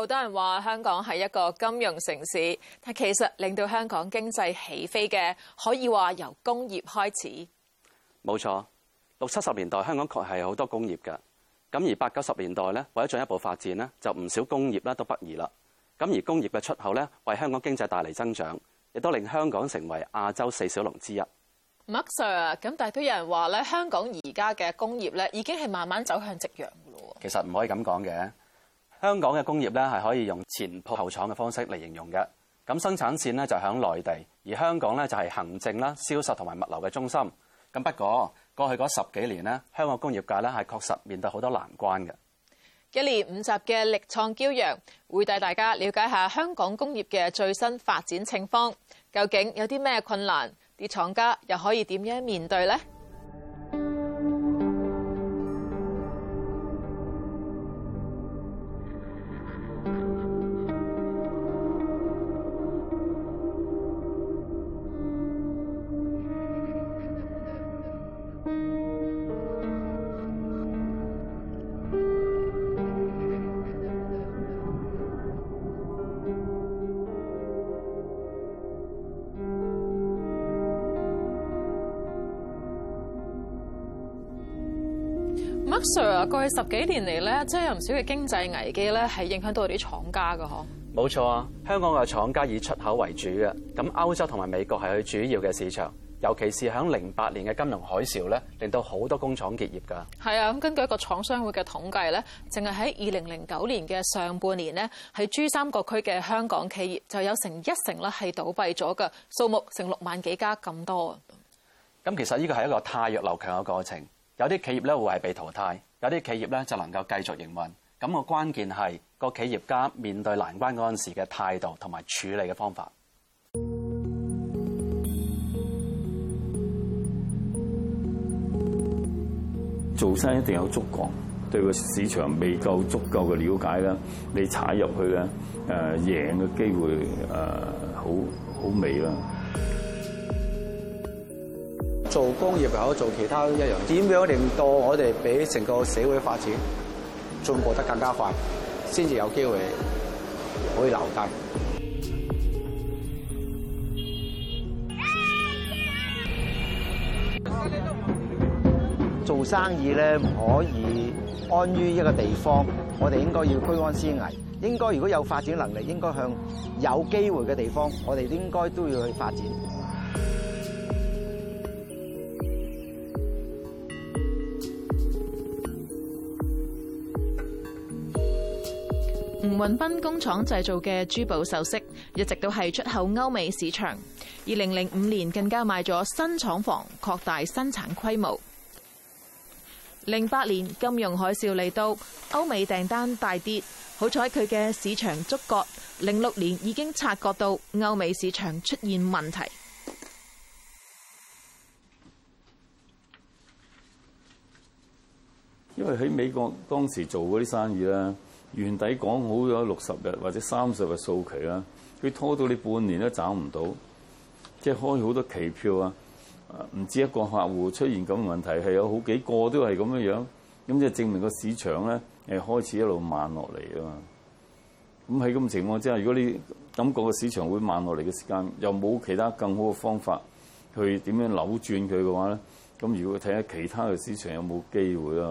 好多人話香港係一個金融城市，但其實令到香港經濟起飛嘅，可以話由工業開始。冇錯，六七十年代香港確係好多工業嘅。咁而八九十年代咧，為咗進一步發展咧，就唔少工業咧都北移啦。咁而工業嘅出口咧，為香港經濟帶嚟增長，亦都令香港成為亞洲四小龍之一。麥 sir，咁但係都有人話咧，香港而家嘅工業咧，已經係慢慢走向夕陽㗎咯喎。其實唔可以咁講嘅。香港嘅工業咧係可以用前鋪後廠嘅方式嚟形容嘅，咁生產線呢就喺內地，而香港呢就係行政啦、銷售同埋物流嘅中心。咁不過過去嗰十幾年呢，香港工業界呢係確實面對好多難關嘅。一連五集嘅《力創驕陽》會帶大家了解下香港工業嘅最新發展情況，究竟有啲咩困難，啲廠家又可以點樣面對呢？Sir 啊，過去十幾年嚟咧，真係有唔少嘅經濟危機咧，係影響到啲廠家噶嗬。冇錯啊，香港嘅廠家以出口為主嘅，咁歐洲同埋美國係佢主要嘅市場，尤其是響零八年嘅金融海嘯咧，令到好多工廠結業噶。係啊，咁根據一個廠商會嘅統計咧，淨係喺二零零九年嘅上半年咧，喺珠三角區嘅香港企業就有成一成咧係倒閉咗噶，數目成六萬幾家咁多。咁其實呢個係一個汰弱留強嘅過程。有啲企業咧會係被淘汰，有啲企業咧就能夠繼續營運。咁個關鍵係個企業家面對難關嗰陣時嘅態度同埋處理嘅方法。做生意一定有觸角，對個市場未夠足夠嘅了解，你踩入去咧，誒贏嘅機會好好微啦。做工業又好，做其他一樣，點樣令到我哋俾成個社會發展進步得更加快，先至有機會可以留低。做生意咧，唔可以安於一個地方，我哋應該要居安思危。應該如果有發展能力，應該向有機會嘅地方，我哋應該都要去發展。雲濱工廠製造嘅珠寶首飾，一直都係出口歐美市場。二零零五年更加買咗新廠房，擴大生產規模。零八年金融海嘯嚟到，歐美訂單大跌。好彩佢嘅市場觸覺，零六年已經察覺到歐美市場出現問題。因為喺美國當時做嗰啲生意啦。原底講好咗六十日或者三十日數期啦，佢拖到你半年都找唔到，即係開好多期票啊！唔止一個客戶出現咁問題，係有好幾個都係咁樣樣，咁即係證明個市場咧係開始一路慢落嚟啊嘛！咁喺咁嘅情況之下，如果你感覺個市場會慢落嚟嘅時間，又冇其他更好嘅方法去點樣扭轉佢嘅話咧，咁如果睇下其他嘅市場有冇機會呀？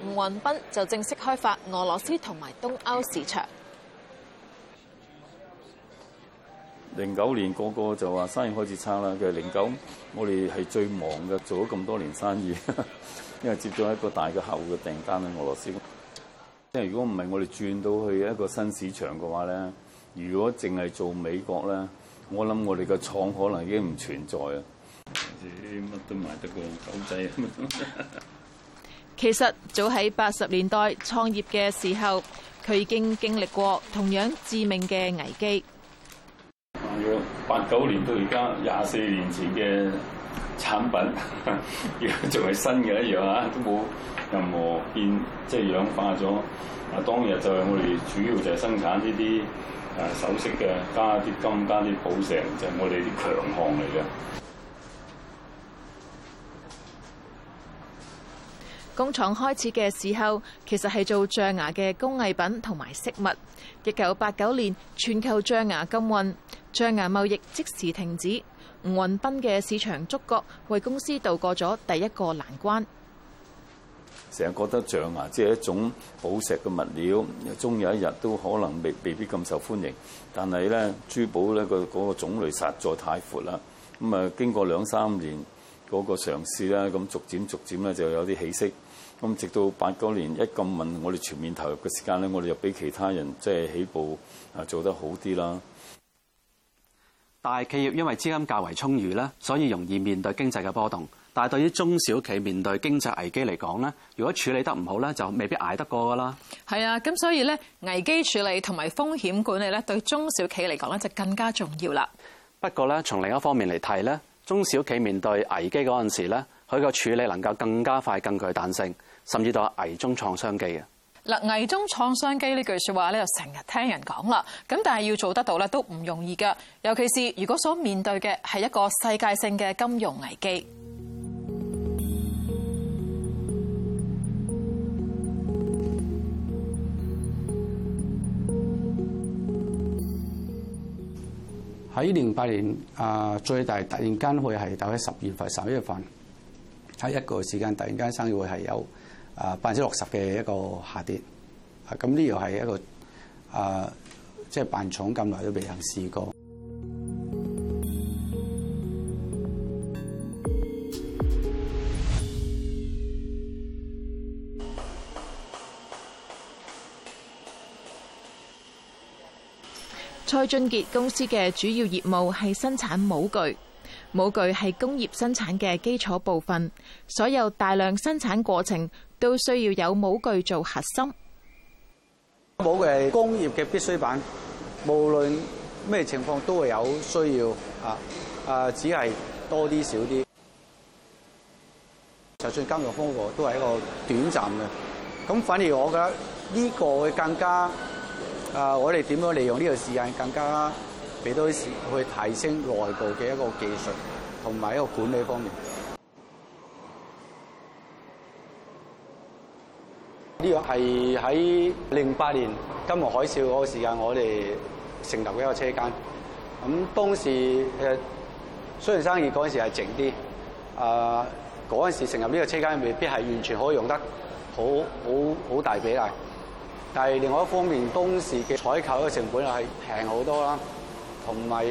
吳宏斌就正式開發俄羅斯同埋東歐市場。零九年嗰個就話生意開始差啦。其實零九我哋係最忙嘅，做咗咁多年生意，因為接咗一個大嘅客戶嘅訂單喺俄羅斯。即係如果唔係我哋轉到去一個新市場嘅話咧，如果淨係做美國咧，我諗我哋嘅廠可能已經唔存在啊！乜都賣得過狗仔 其實早喺八十年代創業嘅時候，佢已經經歷過同樣致命嘅危機。八九年到而家廿四年前嘅產品，而家仲係新嘅一樣啊，都冇任何變，即係氧化咗。啊，當日就係我哋主要就係生產呢啲誒首飾嘅，加啲金加啲寶石，就係我哋啲強項嚟嘅。工廠開始嘅時候，其實係做象牙嘅工藝品同埋飾物。一九八九年全球象牙禁運，象牙貿易即時停止。吳宏斌嘅市場觸覺為公司渡過咗第一個難關。成日覺得象牙即係一種寶石嘅物料，終有一日都可能未未必咁受歡迎。但係咧，珠寶咧個嗰個種類實在太闊啦。咁啊，經過兩三年嗰個嘗試啦，咁逐漸逐漸咧就有啲起色。咁直到八九年一咁，問我哋全面投入嘅時間咧，我哋又比其他人即係起步啊做得好啲啦。大企業因為資金較為充裕啦，所以容易面對經濟嘅波動，但係對於中小企面對經濟危機嚟講咧，如果處理得唔好咧，就未必捱得過噶啦。係啊，咁所以咧，危機處理同埋風險管理咧，對中小企嚟講咧就更加重要啦。不過咧，從另一方面嚟睇咧，中小企面對危機嗰陣時咧，佢個處理能夠更加快、更具彈性。甚至到危中創商機嘅嗱，危中創商機呢句説話咧，就成日聽人講啦。咁但係要做得到咧，都唔容易㗎。尤其是如果所面對嘅係一個世界性嘅金融危機。喺零八年啊，最大突然間會係，佢係大概十月份、十一月份喺一個時間，突然間生意會係有。啊，百分之六十嘅一個下跌啊，咁呢又係一個啊、呃，即係辦廠咁耐都未曾試過。蔡俊傑公司嘅主要業務係生產模具，模具係工業生產嘅基礎部分，所有大量生產過程，都需要有模具做核心。模具係工業嘅必需品，無論咩情況都會有需要啊。啊，只係多啲少啲。就算金融風波都係一個短暫嘅。咁反而我覺得呢個會更加啊，我哋點樣利用呢個時間更加俾多啲時去提升內部嘅一個技術同埋一個管理方面。呢個係喺零八年金融海嘯嗰個時間，我哋成立嘅一個車間。咁當時誒雖然生意嗰陣時係靜啲，啊嗰陣時成立呢個車間未必係完全可以用得好好好大比例。但係另外一方面，當時嘅採購嘅成本係平好多啦，同埋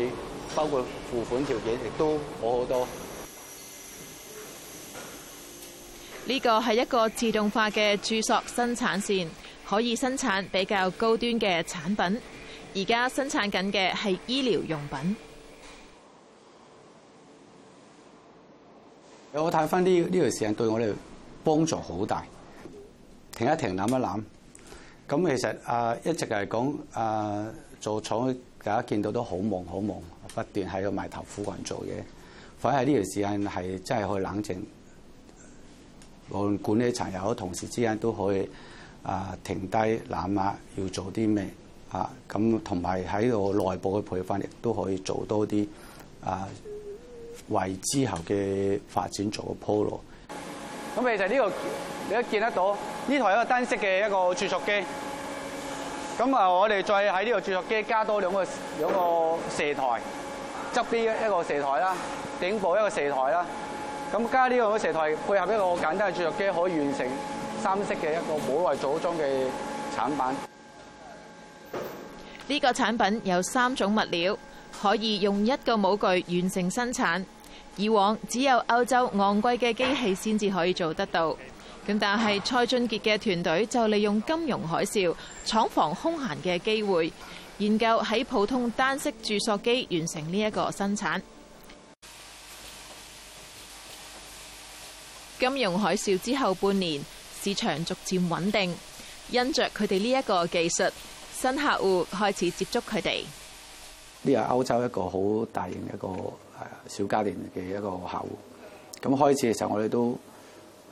包括付款條件亦都好好多。呢個係一個自動化嘅注塑生產線，可以生產比較高端嘅產品。而家生產緊嘅係醫療用品。我睇翻呢呢段時間對我哋幫助好大。停一停，諗一諗。咁其實啊，一直係講啊，做廠大家見到都好忙，好忙，不斷喺度埋頭苦幹做嘢。反而係呢段時間係真係可以冷靜。管理層又好，同事之間都可以啊停低攬下抱抱，要做啲咩啊？咁同埋喺個內部嘅培訓亦都可以做多啲啊，為之後嘅發展做個鋪路。咁其實呢個你都見得到，呢台有一個單式嘅一個注塑機。咁啊，我哋再喺呢個注塑機加多兩個兩個射台，側邊一個射台啦，頂部一個射台啦。咁加呢個嘅射台配合一個簡單嘅注塑機，可以完成三色嘅一個冇為組裝嘅產品。呢個產品有三種物料，可以用一個模具完成生產。以往只有歐洲昂貴嘅機器先至可以做得到。咁但係蔡俊杰嘅團隊就利用金融海嘯廠房空閒嘅機會，研究喺普通單式注塑機完成呢一個生產。金融海嘯之後半年，市場逐漸穩定。因着佢哋呢一個技術，新客戶開始接觸佢哋。呢係歐洲一個好大型嘅一個誒小家電嘅一個客戶。咁開始嘅時候，我哋都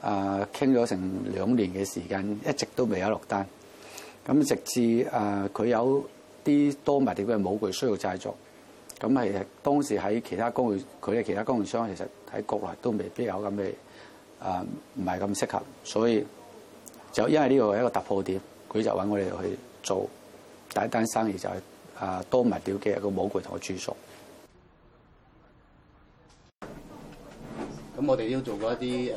誒傾咗成兩年嘅時間，一直都未有落單。咁直至誒佢有啲多埋業嘅模具需要製作，咁係當時喺其他工具，佢嘅其他供應商，其實喺國內都未必有咁嘅。誒唔係咁適合，所以就因為呢個係一個突破點，佢就揾我哋去做第一單生意，就係，就係誒多物料嘅一個模具同埋住所。咁我哋已都做過一啲誒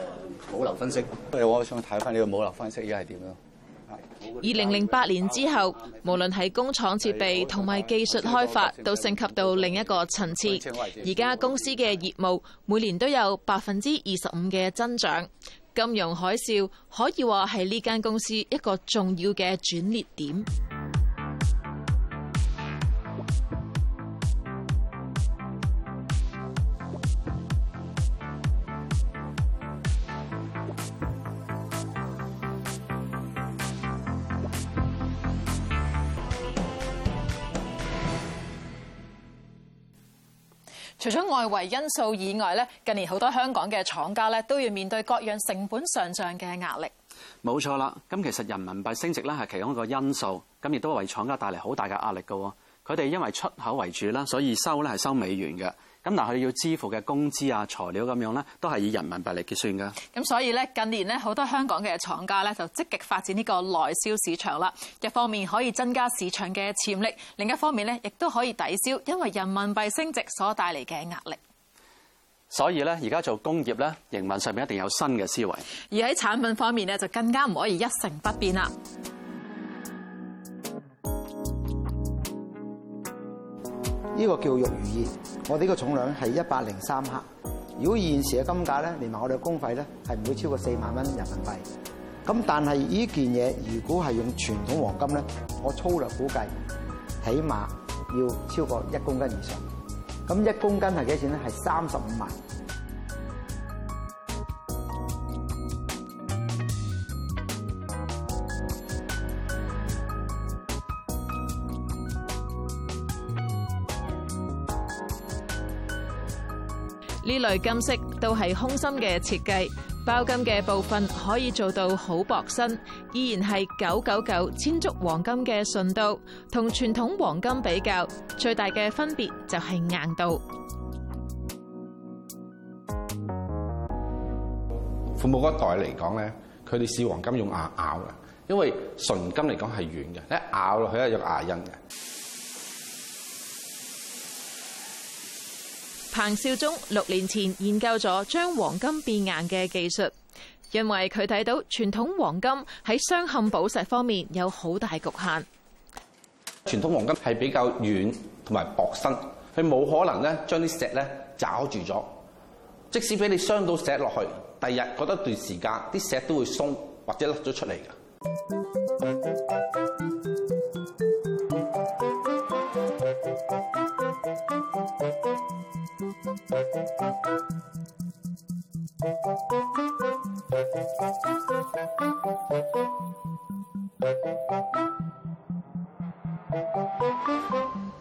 保留分析。不如我想睇翻呢個保留分析而家係點樣？二零零八年之後，無論喺工廠設備同埋技術開發，都升級到另一個層次。而家公司嘅業務每年都有百分之二十五嘅增長。金融海嘯可以話係呢間公司一個重要嘅轉捩點。除咗外圍因素以外咧，近年好多香港嘅廠家咧都要面對各樣成本上漲嘅壓力。冇錯啦，咁其實人民幣升值咧係其中一個因素，咁亦都為廠家帶嚟好大嘅壓力㗎喎。佢哋因為出口為主啦，所以收咧係收美元嘅。咁嗱，佢要支付嘅工資啊、材料咁樣咧，都係以人民幣嚟結算㗎。咁所以咧，近年咧好多香港嘅廠家咧就積極發展呢個內銷市場啦。一方面可以增加市場嘅潛力，另一方面咧亦都可以抵消因為人民幣升值所帶嚟嘅壓力。所以咧，而家做工業咧，營運上面一定有新嘅思維。而喺產品方面咧，就更加唔可以一成不變啦。呢、這個叫玉如意，我哋呢個重量係一百零三克。如果現時嘅金價咧，連埋我哋嘅工費咧，係唔會超過四萬蚊人民幣。咁但係呢件嘢，如果係用傳統黃金咧，我粗略估計，起碼要超過一公斤以上。咁一公斤係幾多錢咧？係三十五萬。呢類金色都係空心嘅設計，包金嘅部分可以做到好薄身，依然係九九九千足黃金嘅純度，同傳統黃金比較，最大嘅分別就係硬度。父母嗰代嚟講咧，佢哋試黃金用牙咬嘅，因為純金嚟講係軟嘅，一咬落去啊有牙印嘅。彭少宗六年前研究咗將黃金變硬嘅技術，因為佢睇到傳統黃金喺鑲嵌寶石方面有好大局限。傳統黃金係比較軟同埋薄身，佢冇可能咧將啲石咧抓住咗。即使俾你鑲到石落去，第二日嗰一段時間啲石都會鬆或者甩咗出嚟嘅。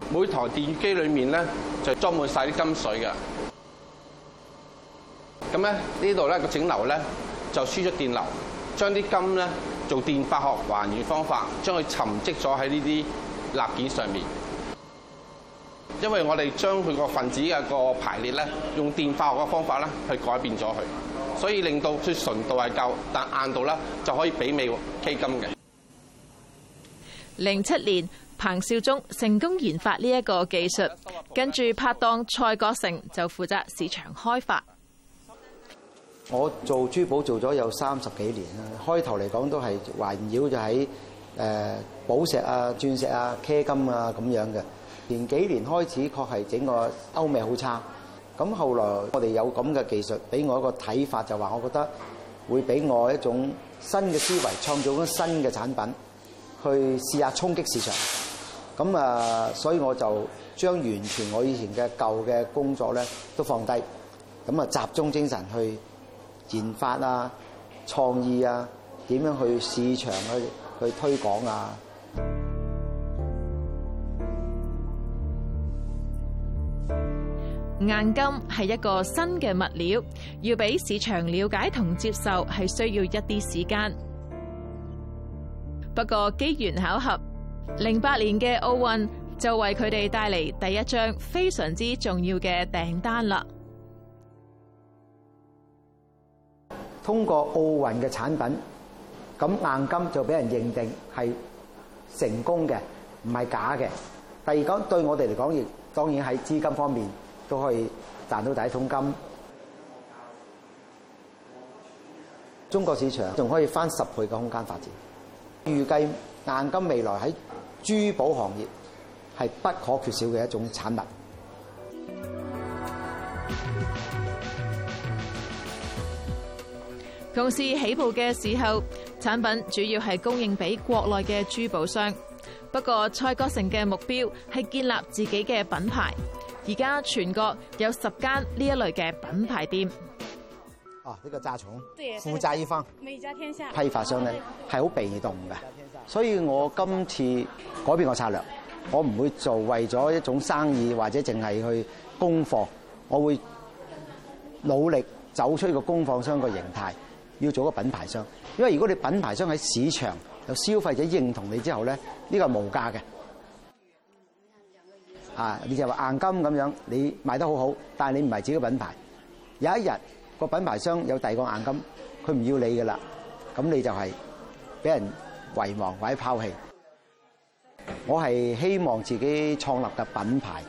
每台電機裏面咧就裝滿晒啲金水嘅，咁咧呢度咧個整流咧就輸出電流，將啲金咧做電化學還原方法，將佢沉積咗喺呢啲立件上面。因為我哋將佢個分子嘅個排列咧，用電化學嘅方法咧，去改變咗佢，所以令到佢純度係夠，但硬度咧就可以媲美 K 金嘅。零七年，彭少宗成功研發呢一個技術，跟住拍檔蔡國成就負責市場開發。我做珠寶做咗有三十幾年啦，開頭嚟講都係環繞就喺誒寶石啊、鑽石啊、K 金啊咁樣嘅。前幾年開始，確係整個歐美好差。咁後來我哋有咁嘅技術，俾我一個睇法，就話我覺得會俾我一種新嘅思維，創造咗新嘅產品，去試下衝擊市場。咁啊，所以我就將完全我以前嘅舊嘅工作咧都放低，咁啊集中精神去研發啊、創意啊、點樣去市場啊、去推廣啊。硬金係一個新嘅物料，要俾市場了解同接受，係需要一啲時間。不過機緣巧合，零八年嘅奧運就為佢哋帶嚟第一張非常之重要嘅訂單啦。通過奧運嘅產品，咁硬金就俾人認定係成功嘅，唔係假嘅。第二講對我哋嚟講，亦當然喺資金方面，都可以賺到第一桶金。中國市場仲可以翻十倍嘅空間發展。預計硬金未來喺珠寶行業係不可缺少嘅一種產品。公司起步嘅時候，產品主要係供應俾國內嘅珠寶商。不過，蔡國成嘅目標係建立自己嘅品牌。而家全國有十間呢一類嘅品牌店。哦，呢個炸重負債一方，批發商咧係好被動嘅，所以我今次改變個策略，我唔會做為咗一種生意或者淨係去供貨，我會努力走出個供貨商個形態，要做個品牌商。因為如果你品牌商喺市場有消費者認同你之後咧，呢個係無價嘅。啊！你就話硬金咁樣，你賣得好好，但你唔係自己品牌。有一日個品牌商有第二個硬金，佢唔要你㗎啦，咁你就係俾人遺忘或者拋棄。我係希望自己創立嘅品牌，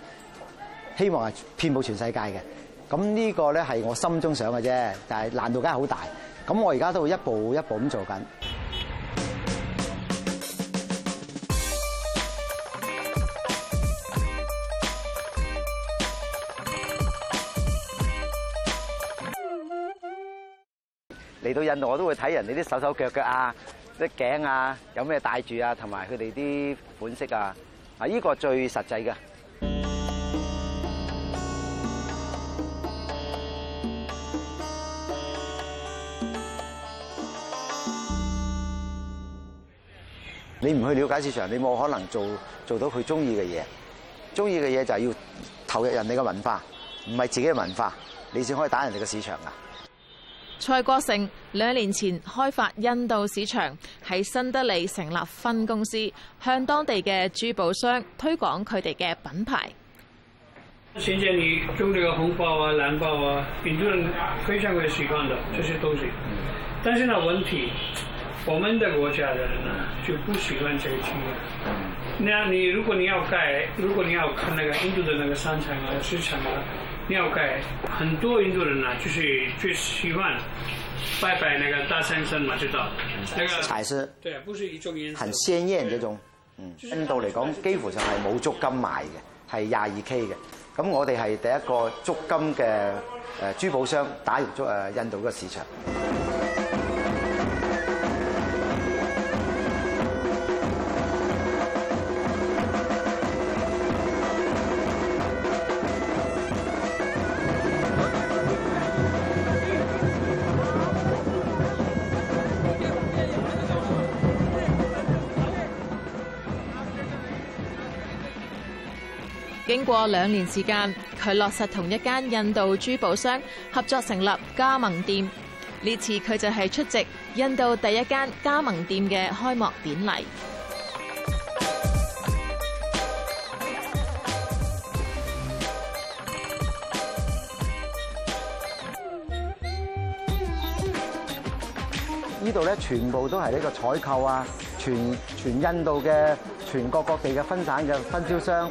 希望係遍佈全世界嘅。咁呢個咧係我心中想嘅啫，但係難度梗係好大。咁我而家都會一步一步咁做緊。嚟到印度，我都會睇人哋啲手手腳腳啊，啲頸啊，有咩戴住啊，同埋佢哋啲款式啊，啊，依個最實際嘅。你唔去了解市場，你冇可能做做到佢中意嘅嘢。中意嘅嘢就係要投入人哋嘅文化，唔係自己嘅文化，你先可以打人哋嘅市場㗎。蔡國盛兩年前開發印度市場，喺新德里成立分公司，向當地嘅珠寶商推廣佢哋嘅品牌。尿蓋，很多印度人啊，就是最喜歡拜拜那個大先生嘛，知道？那個彩絲，對，不是一種，很鮮艷嗰種，嗯，印度嚟講幾乎就係冇足金賣嘅，係廿二 K 嘅，咁我哋係第一個足金嘅誒珠寶商打入咗誒印度個市場。經過兩年時間，佢落實同一間印度珠寶商合作成立加盟店。呢次佢就係出席印度第一間加盟店嘅開幕典禮。呢度咧，全部都係呢個採購啊，全全印度嘅全國各、各地嘅分散嘅分銷商。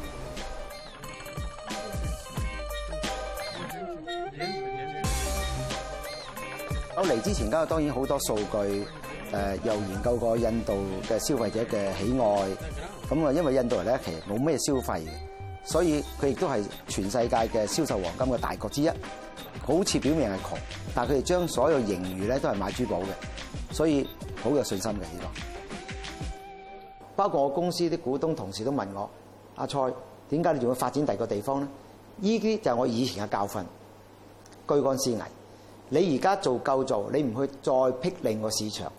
嚟之前，咁啊當然好多數據，誒又研究過印度嘅消費者嘅喜愛。咁啊，因為印度人咧其實冇咩消費嘅，所以佢亦都係全世界嘅銷售黃金嘅大國之一。好似表面係窮，但係佢哋將所有盈餘咧都係買珠寶嘅，所以好有信心嘅呢個。包括我公司啲股東、同事都問我：阿蔡點解你仲會發展第二個地方咧？依啲就係我以前嘅教訓，居安思危。你而家做夠做，你唔去再辟另個市場。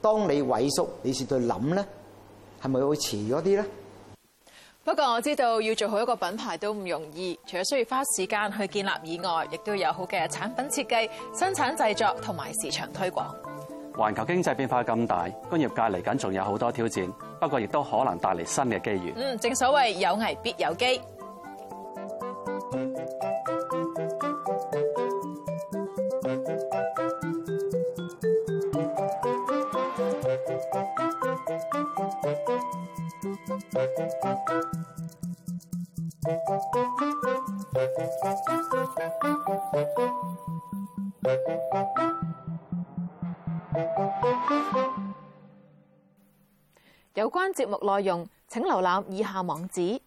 當你萎縮，你試試想是對諗呢，係咪會遲咗啲呢？不過我知道要做好一個品牌都唔容易，除咗需要花時間去建立以外，亦都有好嘅產品設計、生產製作同埋市場推廣。環球經濟變化咁大，工業界嚟緊仲有好多挑戰，不過亦都可能帶嚟新嘅機遇。嗯，正所謂有危必有機。目內容，請瀏覽以下網址。